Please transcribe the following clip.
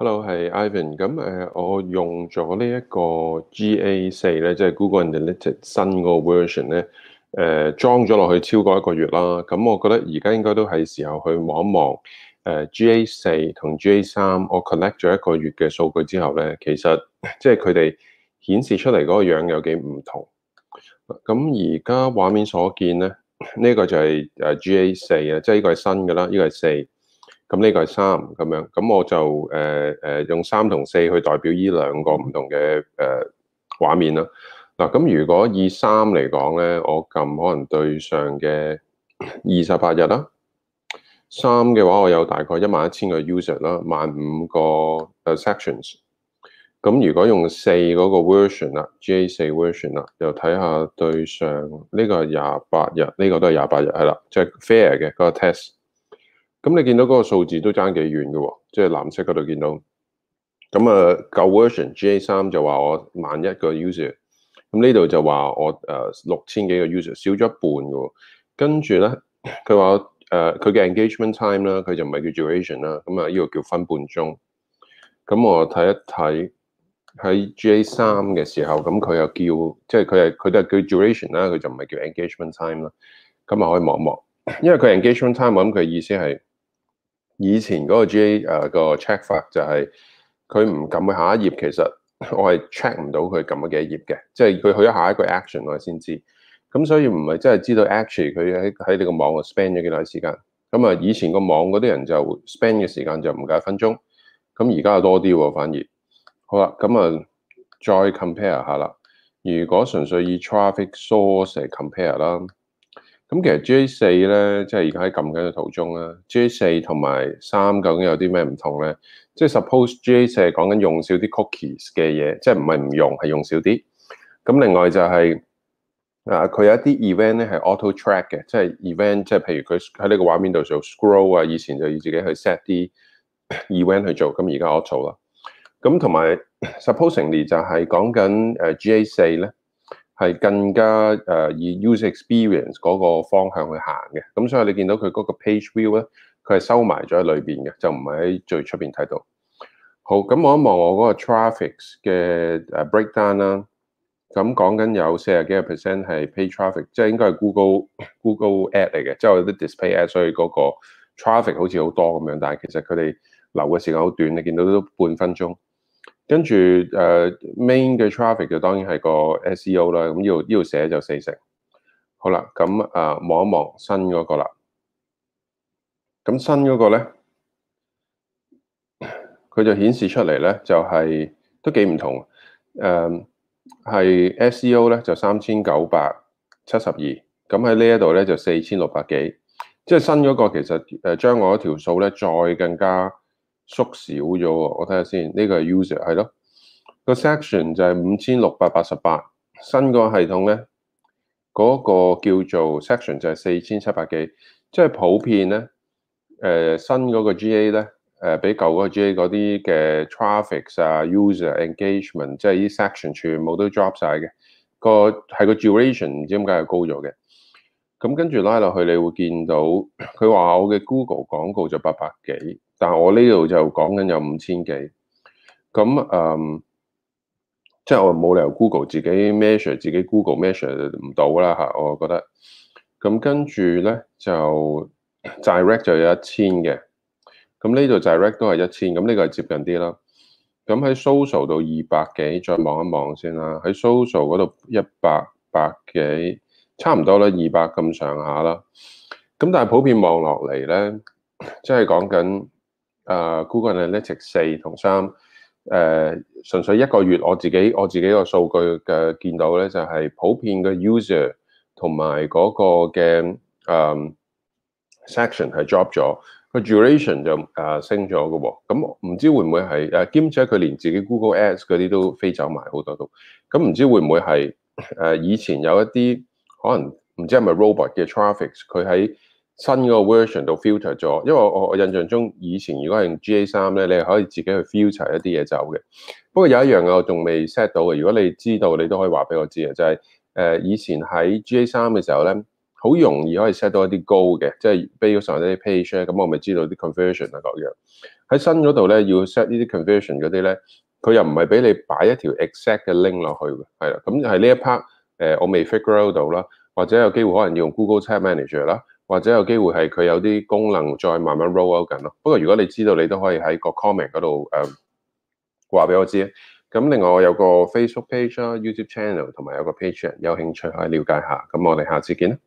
Hello，係 Ivan。咁誒、呃，我用咗呢一個 G A 四咧，即係 Google Analytics 新個 version 咧，誒裝咗落去超過一個月啦。咁我覺得而家應該都係時候去望一望誒 G A 四同 G A 三。呃、3, 我 collect 咗一個月嘅數據之後咧，其實即係佢哋顯示出嚟嗰個樣有幾唔同。咁而家畫面所見咧，呢、這個就係誒 G A 四啊，即係呢個係新噶啦，呢個係四。咁呢個係三咁樣，咁我就誒誒、呃呃、用三同四去代表呢兩個唔同嘅誒、呃、畫面啦。嗱，咁如果以三嚟講咧，我撳可能對上嘅二十八日啦。三嘅話，我有大概一萬一千個 user 啦，萬五個 sections。咁如果用四嗰個 version 啦，GA 四 version 啦，又睇下對上呢、這個係廿八日，呢、這個都係廿八日，係啦，即、就、係、是、fair 嘅嗰、那個 test。咁你見到嗰個數字都差幾遠嘅、哦，即、就、係、是、藍色嗰度見到。咁啊舊 version GA 三就話我萬一個 user，咁呢度就話我誒六千幾個 user 少咗一半嘅。跟住咧，佢話誒佢、呃、嘅 engagement time 啦，佢就唔係叫 duration 啦，咁啊呢個叫分半鐘。咁我睇一睇喺 GA 三嘅時候，咁佢又叫即係佢係佢都係叫 duration 啦，佢就唔係叫 engagement time 啦。咁啊可以望一望，因為佢 engagement time 咁佢意思係。以前嗰個 GA、啊嗰個 check 法就係佢唔撳去下一頁。其實我係 check 唔到佢撳咗幾多頁嘅，即係佢去咗下一個 action 我先知，咁所以唔係真係知道 actually 佢喺喺你個網啊 spend 咗幾耐時間，咁啊以前個網嗰啲人就 spend 嘅時間就唔夠一分鐘，咁而家又多啲喎反而，啊，好啦，咁啊再 compare 下啦，如果純粹以 traffic source 嚟 compare 啦。咁其實 GA4 咧，即係而家喺撳緊嘅途中啦。GA4 同埋三究竟有啲咩唔同咧？即係 suppose GA4 係講緊用少啲 cookies 嘅嘢，即係唔係唔用，係用少啲。咁另外就係啊，佢有一啲 event 咧係 auto track 嘅，即係 event，即係譬如佢喺呢個畫面度做 scroll 啊，以前就要自己去 set 啲 event 去做，咁而家 auto 啦。咁同埋 supposingly 就係講緊誒 GA4 咧。係更加誒以 user experience 嗰個方向去行嘅，咁所以你見到佢嗰個 page view 咧，佢係收埋咗喺裏邊嘅，就唔係喺最出邊睇到。好，咁望一望我嗰個 traffics 嘅 breakdown 啦，咁講緊有四十幾個 percent 係 paid traffic，即係應該係 Google Google Ad 嚟嘅，即係有啲 display ad，所以嗰個 traffic 好似好多咁樣，但係其實佢哋留嘅時間好短，你見到都半分鐘。跟住誒、uh, main 嘅 traffic、er、就當然係個 SEO 啦，咁呢度呢度寫就四成。好啦，咁啊望一望新嗰個啦。咁新嗰個咧，佢就顯示出嚟咧，就係、是、都幾唔同。誒、uh, 係 SEO 咧就三千九百七十二，咁喺呢一度咧就四千六百幾。即、就、係、是、新嗰個其實誒、呃、將我嗰條數咧再更加。縮少咗，我睇下先，呢、這個係 user 係咯，個 section 就係五千六百八十八，新個系統咧，嗰、那個叫做 section 就係四千七百幾，即係普遍咧，誒、呃、新嗰個 GA 咧，誒、呃、比舊個 GA 嗰啲嘅 traffic 啊、user engagement，即係啲 section 全部都 drop 晒嘅，那個係個 duration，唔知點解係高咗嘅，咁跟住拉落去你會見到，佢話我嘅 Google 廣告就八百幾。但係我呢度就講緊有五千幾，咁誒，即、嗯、係、就是、我冇理由 Google 自己 measure，自己 Google measure 唔到啦嚇，我覺得。咁跟住咧就 direct 就有一千嘅，咁呢度 direct 都係一千，咁呢個係接近啲咯。咁喺 social 到二百幾，再望一望先啦。喺 social 嗰度一百百幾，差唔多啦，二百咁上下啦。咁但係普遍望落嚟咧，即係講緊。誒 Google Analytics 四同三，誒純粹一個月我自己我自己個數據嘅見到咧，就係普遍嘅 user 同埋嗰個嘅誒、um, section 係 drop 咗，個 duration 就誒升咗嘅喎。咁、嗯、唔知會唔會係誒兼且佢連自己 Google Ads 嗰啲都飛走埋好多度，咁、嗯、唔、嗯、知會唔會係誒、啊、以前有一啲可能唔知係咪 robot 嘅 traffics 佢喺新嗰個 version 到 filter 咗，因為我我印象中以前如果係用 GA 三咧，你係可以自己去 filter 一啲嘢走嘅。不過有一樣我仲未 set 到嘅，如果你知道你都可以話俾我知啊，就係誒以前喺 GA 三嘅時候咧，好容易可以 set 到一啲 goal 嘅，即係 based on 上一啲 page 咧，咁我咪知道啲 conversion 啊各樣。喺新嗰度咧要 set 呢啲 conversion 嗰啲咧，佢又唔係俾你擺一條 exact 嘅 link 落去嘅，係啦。咁係呢一 part 誒我未 figure 到啦，或者有機會可能要用 Google Tag Manager 啦。或者有機會係佢有啲功能再慢慢 roll out 緊咯。不過如果你知道，你都可以喺個 comment 嗰度誒話俾我知。咁另外我有個 Facebook page 啊、YouTube channel 同埋有個 Patreon，有興趣可以了解下。咁我哋下次見啦。